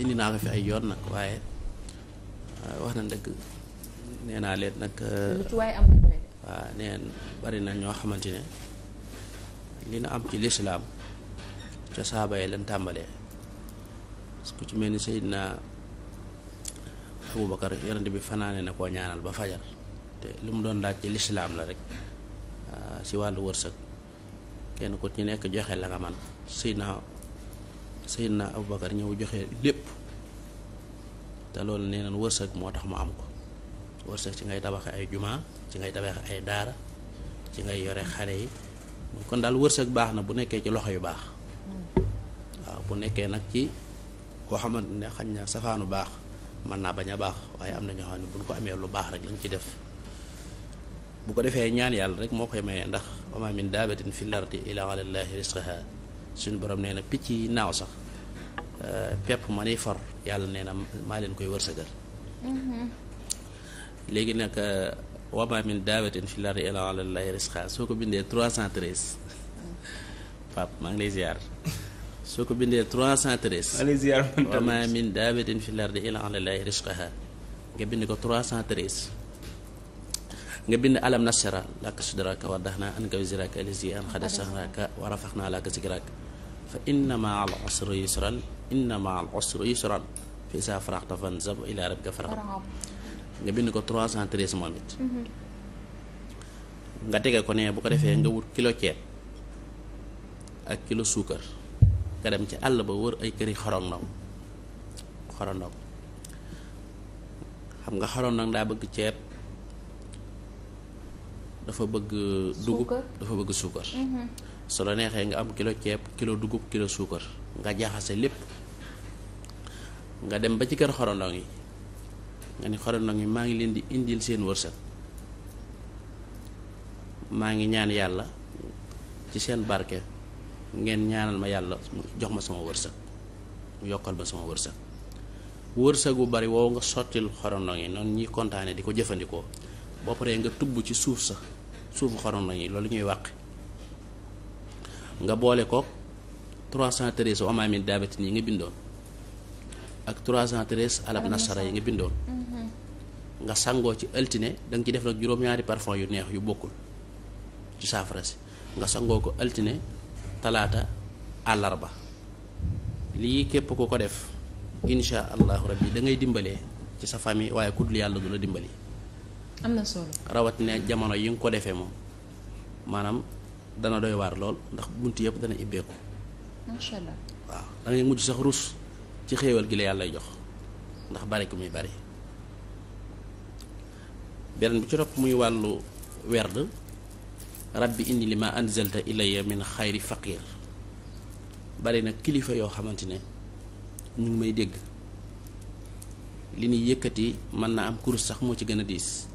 indi naa ko fi ay yoon nag waaye wax na dëgg nee naa leen nag. Euh, lu neen bari na ñoo xamante ne li na am ci lislaam ca saaba yi leen tàmbalee ku ci mel ni Seydina Abubakar yonent bi fanaane na ko ñaanal ba fajar te lu mu doon laaj ci lislaam la rek si wàllu wërsëg kenn ku ci nekk joxe la nga man Seydina Seydina Aboubacar ñëw joxe lépp te loolu nee nañ wërsëg moo tax mu am ko wërsëg ci ngay tabaxe ay jumaa ci ngay tabaxe ay daara ci ngay yore xale yi kon daal wërsëg baax na bu nekkee ci loxo yu baax waaw bu nekkee nag ci koo xamante ne xañ na safaanu baax mën naa bañ a baax waaye am na ñoo xam ne buñ ko amee lu baax rek lañ ci def bu ko defee ñaan yàlla rek moo koy mayee ndax wa ma min daabatin fi lardi illa ala llahi risqaha suñu borom nee na picc yi naaw sax Euh, pepp ma ni for yàlla nee na maa leen koy wërsëgal mhm. léegi nag euh, wa maa min daabatin fil ardi illaa alaa llaahi soo ko bindee 313 Pape maa ngi lay ziar soo ko bindee 313 maa ngi lay ziar wa maa min daabatin fil ardi illaa alaa llaahi rizquhaa nga bind ko 313 nga bind alam nashrah laka sadraka wa waddaxnaa anka wizraka allazi anqada zahrak wa rafaxnaa fa inna maa al usri yusran inna maa al usri yusran fa izaa faraxta fansab wa ilaa rabbika farxab nga bind ko 313 moom it mhm. nga tege ko ne bu ko defee nga wut kilo ceeb ak kilo suukar nga dem ci àll ba wër ay këri xorondaw xorondaw xam nga nag daa bëgg ceeb dafa bëgg dugub dafa bëgg suukar mhm. su la neexee nga am kilo ceeb kilo dugub kilo suukar nga jaxase lépp nga dem ba ci kër xorondong yi nga ni xorondong yi maa ngi leen di indil seen wërsëg maa ngi ñaan yàlla ci seen barke ngeen ñaanal ma yàlla jox ma sama wërsëg mu yokkal ma sama wërsëg wërsëg bu bari woow nga sottil xorondong yi noonu ñuy kontaane di ko jëfandikoo boo paree nga tubb ci suuf sa suufu xorondong yi loolu ñuy wàq nga boole kook 313 wa maa min daabatin yi nga bindoon ak trois 313 alab nasara yi nga bindoon mm-hmm. nga sangoo ci altine danga nga ci def nag juróom-ñaari parfum yu neex yu bokkul ci saafara si nga sangoo ko altine talaata àllarba lii képp ku ko def insha allahu rabbi da ngay dimbalee ci sa famille waaye ku dul yàlla du la dimbali. am na rawatina jamono yi nga ko defee moom dana doy waar lool ndax bunt yëpp dana ibbeeku. macha allah waaw da mujj sax rus ci xéewal gi la yàlla jox ndax bari ko muy bari. beneen bi ci topp muy wàllu werd rabbi indi li ma anzalta ilayya min xayri faqir bari nag kilifa yoo xamante ne ñu ngi may dégg li ñuy yëkkati mën naa am kurus sax moo ci gën a diis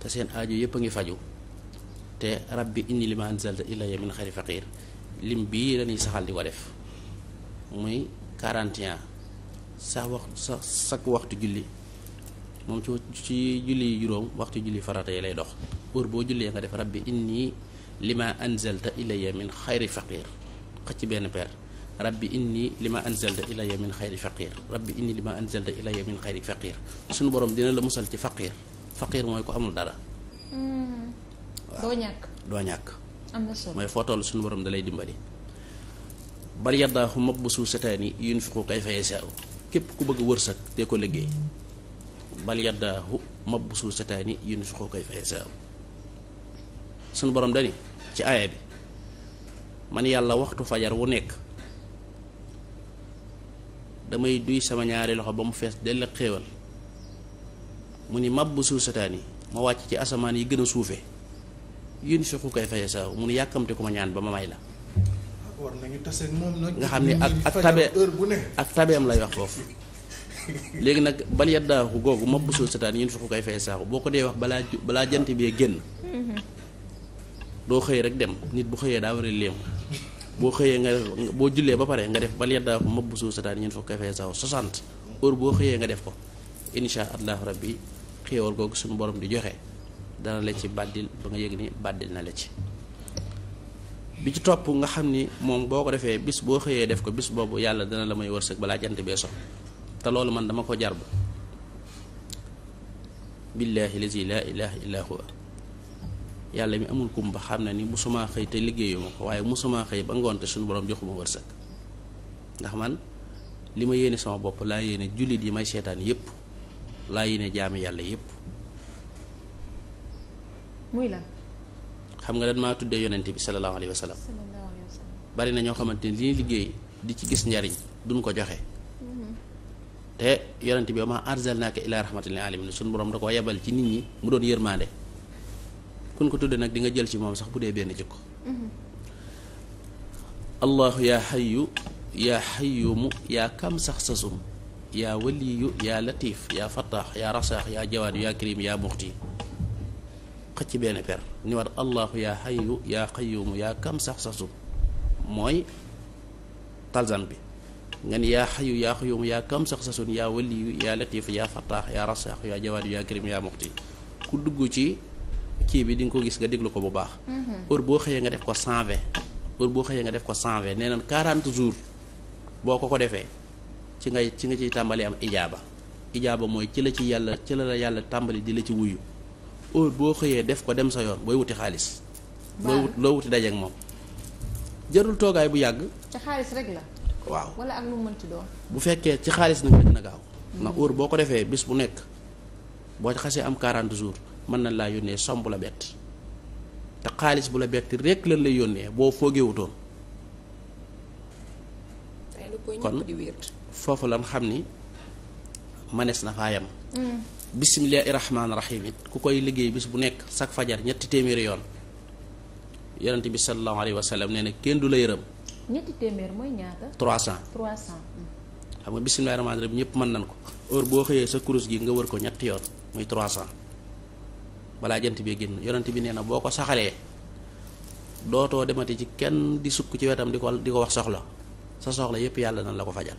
te seen aajo yëpp a ngi faju te rabbi inni li ma anzalta ilayya min xayri faqir lim bii dañuy saxal di wa def muy quarantien sax waxtu sax sak waxtu julli moom ci ci julli yuroom waxtu julli farata yi lay dox pour boo jullee nga def rabbi inni li ma anzalta ilayya min xayri faqir xëcc benn per rabbi inni li ma anzalta ilayya min xayri faqir rabbi inni li ma anzalta ilayya min xayri faqir suñu borom dina la musal ci faqir faqir mooy ko amul dara hmm. doo ñàkk doo ñàkk. am mooy foo suñu borom da lay dimbali. bal yaddaahu mabsuut sataani yunfiqu kayfa yashaa'u képp ku bëgg wërsëg te ko liggéey bal yaddaahu sataani yunfiqu kayfa yashaa'u suñu borom dani ci aaya bi man yàlla waxtu fajar wu nekk damay duy sama ñaari loxo ba mu fees dell xéewal mu ni suuf sataani ma wàcc ci asamaan yi gën a suufee yunfiqu kayfa yashaa'u mun yàkkamte ku ma ñaan ba ma may la. war nañu tase ak moom nga xam ne ak ak tabe ak tabeem lay wax foofu. léegi nag bal yaddaahu googu ma busul sataan yunfiqu kayfa yashaa'u boo ko dee wax balaa balaa jant bi mm-hmm. xëyee rek dem nit bu xëyee daa war a léem boo xëyee nga def boo jullee ba pare nga def bal yaddaahu ma busul sataan yunfiqu kayfa yashaa'u 60 heure boo xëyee nga def ko incha allahu rabbi xéewal googu suñu borom di joxe. dana la ci bàddil ba nga yëg ni bàddil na la ci bi ci topp nga xam ni moom boo ko defee bis boo xëyee def ko bis boobu yàlla dana la may wërsëg balaa jant bee so te loolu man dama ko jarbo billaahi lazi laa ilaaha illaa yàlla mi amul kumba xam na ni mu musumaa xëy te liggéeyuma ko waaye mu musumaa xëy ba ngoonte suñu borom joxuma wërsëg ndax man li ma yéene sama bopp laa yéene jullit yi may seetaan yépp laa yéene jaami yàlla yépp muy lan. xam nga dañ maa tuddee yonent bi sallallahu alayhi wa bari na ñoo xamante ni li liggéey di ci gis njariñ duñ ko joxe. Mm-hmm. te yonent bi wa maa arsalnaaka illaa rahmatan lil aalamiin suñu borom da koo yebal ci nit ñi mu doon yërmaande. kun ko tuddee nag di nga jël ci moom sax bu dee benn jikko. Mm-hmm. allahu yaa xayu yaa xayumu yaa kam sax sasum yaa waliyu yaa latiif yaa fattaax yaa rasaax yaa jawaadu yaa kariim yaa muxti xëcc benn per ni war allahu yaa xayu yaa xayumu yaa kam sax-saxsu mooy talzan bi nga ni yaa xayu yaa xayumu yaa kam sax-saxsun yaa waliyu yaa latif yaa fataax yaa rasaax yaa jawaad yaa karim yaa muxti ku dugg ci kii bi di nga ko gis nga déglu ko bu baax mhm. heure boo xëyee nga def ko 120 heure boo xëyee nga def ko 120 nee naan 40 jours boo ko ko defee ci ngay ci nga ciy tàmbali am ijaaba ijaaba mooy ci la ci yàlla ci la la yàlla tàmbali di la ci wuyu heure boo xëyee def ko dem sa yoon booy wuti xaalis. loo wut loo wuti dajeeg moom. jarul toogaay bu yàgg. ci xaalis rek wala ak bu fekkee ci xaalis nag dina gaaw. Hmm. ndax heure boo ko defee bis bu nekk boo xasee am 40 jour mën na laa yónnee somb la bett te xaalis bu la bett rek lan lay yónnee boo foogewutoon kon foofu lan xam ni mënees na faa yem. Hmm. bisimilah irrahmaani rahiim it ku koy liggéey bis bu nekk sak fajar ñetti téeméeri yoon yonent bi sallallahu alayhi wa sallam nee na kenn du la yërëm. trois téeméer mooy xam nga bisimilah rahmaani rahiim ñëpp mën nañ ko heure boo xëyee sa kurus gi nga wër ko ñetti yoon muy 300 balaa jant bi génn yonent bi nee na boo ko saxalee dootoo demati ci kenn di sukk ci wetam di ko di ko wax soxla sa soxla yëpp yàlla nan la ko fajal.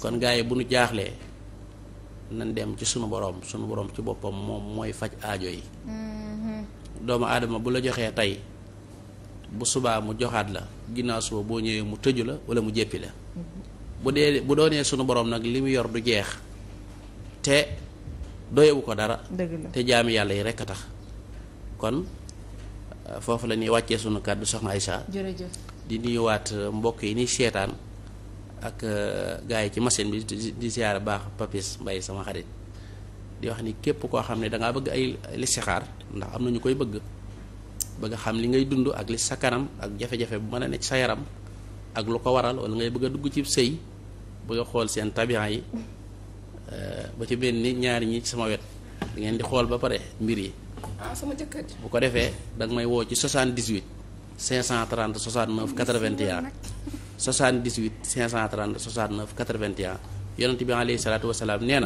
kon gars bu nu jaaxlee. nañ dem ci sunu borom sunu borom ci boppam moom mooy faj aajo yi. Mm-hmm. doomu aadama bu la joxee tey bu subaa mu joxaat la ginnaaw suba boo ñëwee mu tëju la wala mu jéppi la. Mm-hmm. bu dee bu doonee sunu borom nag li mu yor du jeex te doyewu ko dara. dëgg la te jaami yàlla yi rekk a tax kon foofu la ñuy wàccee sunu kàddu soxna Aïcha. jërëjëf di nuyuwaat mbokk yi ni seetaan. ak euh, gars yi ci machine bi di ziyaara baax papis mbay sama xarit di wax ni képp koo xam ne dangaa bëgg ay listixaar ndax am na ñu koy bëgg bëgg xam li ngay dund ak li sa kanam ak jafe-jafe bu mën a nekk sa yaram ak lu ko waral wala ngay bëgg a dugg ci sëy bëgg xool seen tabian yi euh, ba ci benn ni ñaari ñi ci sama wet da ngeen di xool ba pare mbir yi ah, sama jëkkër bu ko defee da may woo ci 78 530 69 81 78 530 69 81 yonent bi alayhi salaatu wasalaam nee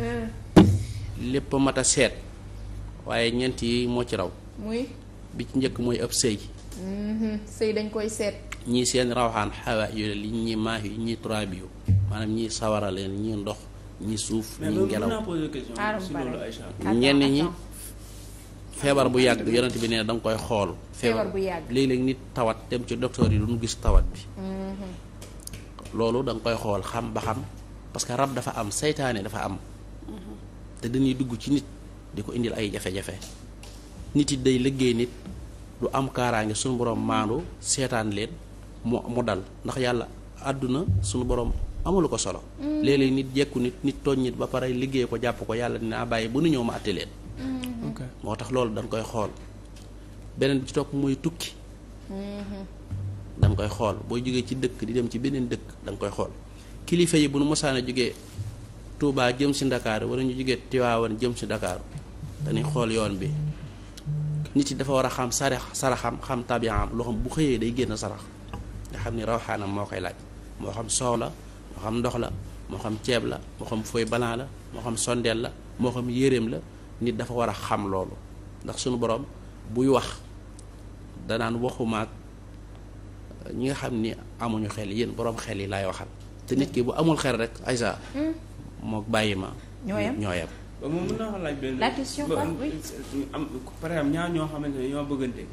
euh. lépp mat a seet waaye ñeent yi moo ci raw muy bi ci njëkk mooy ab sëy mm-hmm. sëy dañ koy seet ñii seen rawxaan xawa yu li ñii maax yi ñii trois bio maanaam ñii sawara leen ñii ndox ñii suuf ñii ngelaw ñenn ñi feebar bu yàgg yonent bi nee na da koy xool. feebar bu yàgg léeg nit tawat dem ci docteur yi duñu gis tawat bi. Mm-hmm. loolu da koy xool xam ba xam parce que rab dafa am seytaane dafa am. Mm-hmm. te dañuy dugg ci nit di ko indil ay jafe-jafe. nit yi day liggéey nit du am kaaraange suñu borom maandu seetaan leen mu mu dal ndax yàlla àdduna sunu borom amalu ko solo. Mm-hmm. léeg-léeg nit jekku nit nit tooñ nit ba pare liggéey ko jàpp ko yàlla dinaa bàyyi ba nu ñëw ma àtte leen. moo tax loolu dañ koy xool beneen bi ci topp mooy tukki mm-hmm. dañ koy xool booy jógee ci dëkk di dem ci beneen dëkk dañ koy xool kilifa yi bu nu mosaana jógee Touba jëm si Ndakaaru wala ñu jógee Tiwaawan jëm si Ndakaaru dañuy xool yoon bi nit yi dafa war a xam sarax saraxam xam tabiaam loo xam bu xëyee day génn sarax nga xam ni rawxaanam moo koy laaj moo xam soow la moo xam ndox la moo xam ceeb la moo xam fooy balan la moo xam sondeel la moo la nit dafa war a xam loolu ndax suñu borom buy wax danaan waxumaak euh, ñi nga xam ni amuñu xel yéen borom xel yi lay waxal te nit ki bu amul xel rek aysa hmm? mook bàyyi ma ñoo yem la question euh, am par exemple ñoo xamante ne ñoo bëggante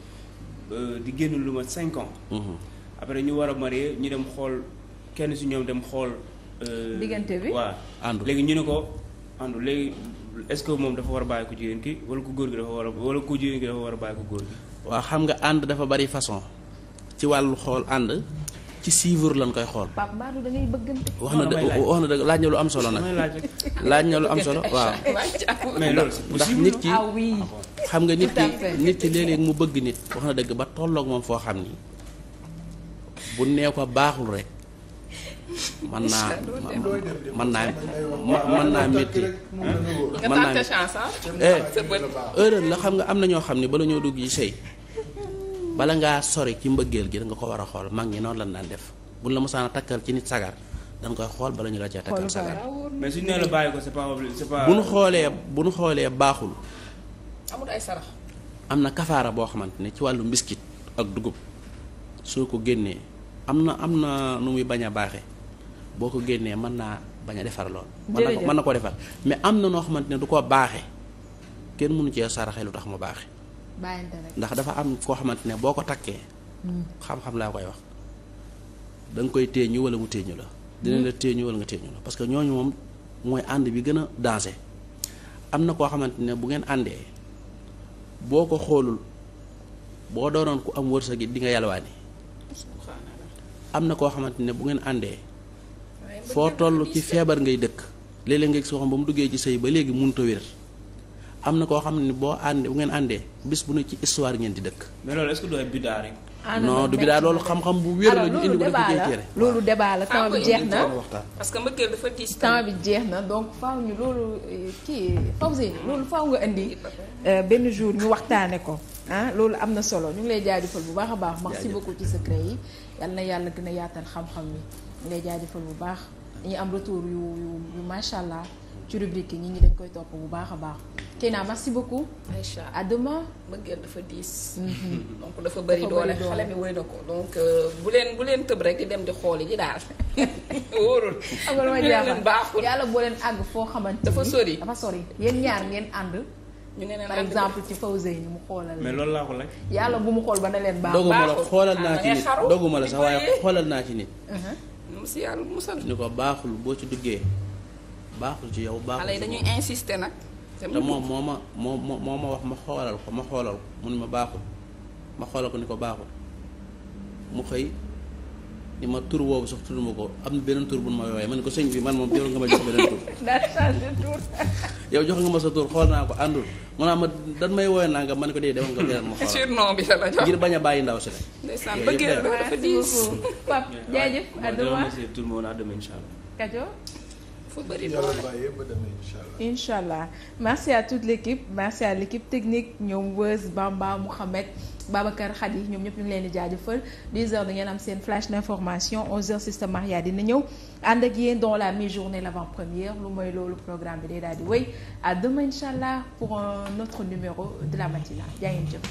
euh, di génn lu ma cinq ans hmm. après ñu war a marié ñu dem xool kenn si ñoom dem xool diggante bi waaw àndu léegi ñu ne ko àndu léegi est-ce que moom dafa war a bàyyi ko jigéen ki wala ku góor gi dafa war a wala ku jigéen ko góor gi. waaw xam nga ànd dafa bari façon ci wàllu xool ànd ci suivre lañ koy xool. Pape wax na dëgg laaj na lu am solo nag. laaj na lu am solo waaw. mais loolu ndax nit ki ah xam nga nit ki nit ki léeg-léeg mu bëgg nit. wax na dëgg ba tolloog moom foo xam ni bu nee ko baaxul rek. man naa man naa mën naa métti. mën naa heure ah? eh, la xam nga am na ñoo xam ne bala ñoo dugg yi sëy bala ngaa sori ci mbëggeel gi da nga ko war a xool mag ñi noonu lañ daan def buñ la mosaan a takkal ci nit sagar dañ koy xool bala la cee takkal sagar. mais suñu nee la bàyyi ko c'est pas c'est pas. bu nu xoolee bu nu xoolee baaxul. ay sarax. am na kafaara boo xamante ne ci wàllu mbiskit ak dugub soo ko génnee am na am na nu muy bañ a baaxe boo ko génnee mën naa bañ a defar lool. jërëjëf mën na ko defar mais am na noo xamante ne du ko baaxee kenn mënu cee saraxee lu tax mu baaxee. ndax dafa am koo xamante ne boo ko takkee. Hmm. xam-xam laa koy wax da nga koy téeñu wala mu téeñu la. dinañ hmm. la téeñu wala nga téeñu la parce que ñooñu moom mooy ànd bi gën a danger am na koo xamante ne bu ngeen àndee boo ko xoolul boo doonoon ku am wërsëg it di nga yalwaani. am na koo xamante ne bu ngeen àndee. foo toll ci feebar ngay dëkk léeg-léeg nga gis ko xam ba mu duggee ci sëy ba léegi mënut a am na koo xam ne boo àndee bu ngeen àndee bis bu ne ci histoire ngeen di dëkk. mais loolu est-ce que doy bidaa rek. Ah, non du loolu xam-xam bu wér la ñu indi ko def ci loolu débat la temps bi jeex na ah, parce que mbëggeel dafa tiis bi jeex na donc faw ñu loolu eh, kii faaw see loolu faaw nga indi eh, benn jour ñu waxtaane ko ah loolu am na solo ñu ngi lay jaajëfal bu baax a baax merci beaucoup ci secret yi yal na yàlla gën a yaatal xam-xam yi ngay jaajëfal bu baax dañuy am retour yu yu yu macha allah ci rubrique yi nit dañ koy topp bu baax a baax. Kéna merci beaucoup. Aïcha à demain. mbëggeel dafa diis. Mm-hmm. donc dafa bëri doole xale mi wëy na ko. donc euh, bu leen bu leen tëb rek i dem di xooli ji daal wóorul. am na lu ma yàlla boo leen àgg foo xamante dafa sori dafa sori yéen ñaar ngeen ànd. ñu ne par exemple ci ñu mu xoolal. mais loolu laa ko laaj. yàlla bu mu xool ba ne leen baax. baaxul doguma la ah, xoolal naa ci nit doguma la xoolal naa ci nit. si yàlla musal. ni ko baaxul boo ci duggee baaxul ci yow. baaxul xale yi dañuy insister nag. te moom moo ma moo moo ma wax ma xoolal ko ma xoolal ko mun ma baaxul ma xoolal ko ni ko baaxul mu xëy. ni ma tur boobu sax tudd ma ko am na beneen tur bu ma woowee ma ne ko sëñ bi man moom jox nga ma jox beneen tur. yow jox nga ma sa tur xool naa ko àndul mu a ma dan may woowee naa nga man ne ko dee demal nga beneen ma xool. surnom ngir bañ a bàyyi ndaw si la. ndeysaan bëggee dafa diis. Pape jaajëf à demain. Kajo. dafa bëri doole incha allah merci à toute l'équipe merci à l'équipe technique ñoom Weuz Bamba Mouhamed Babacar Khady ñoom ñëpp ñu ngi leen di jaajëfal 10h da ngeen am seen flash d'information 11h Sister Maria dina ñëw ànd ak yéen dans la mi-journée l'avant-première lu mooy loolu programme bi day daal di wéy à demain incha pour un autre numéro de la matinale jaa ngeen jëf.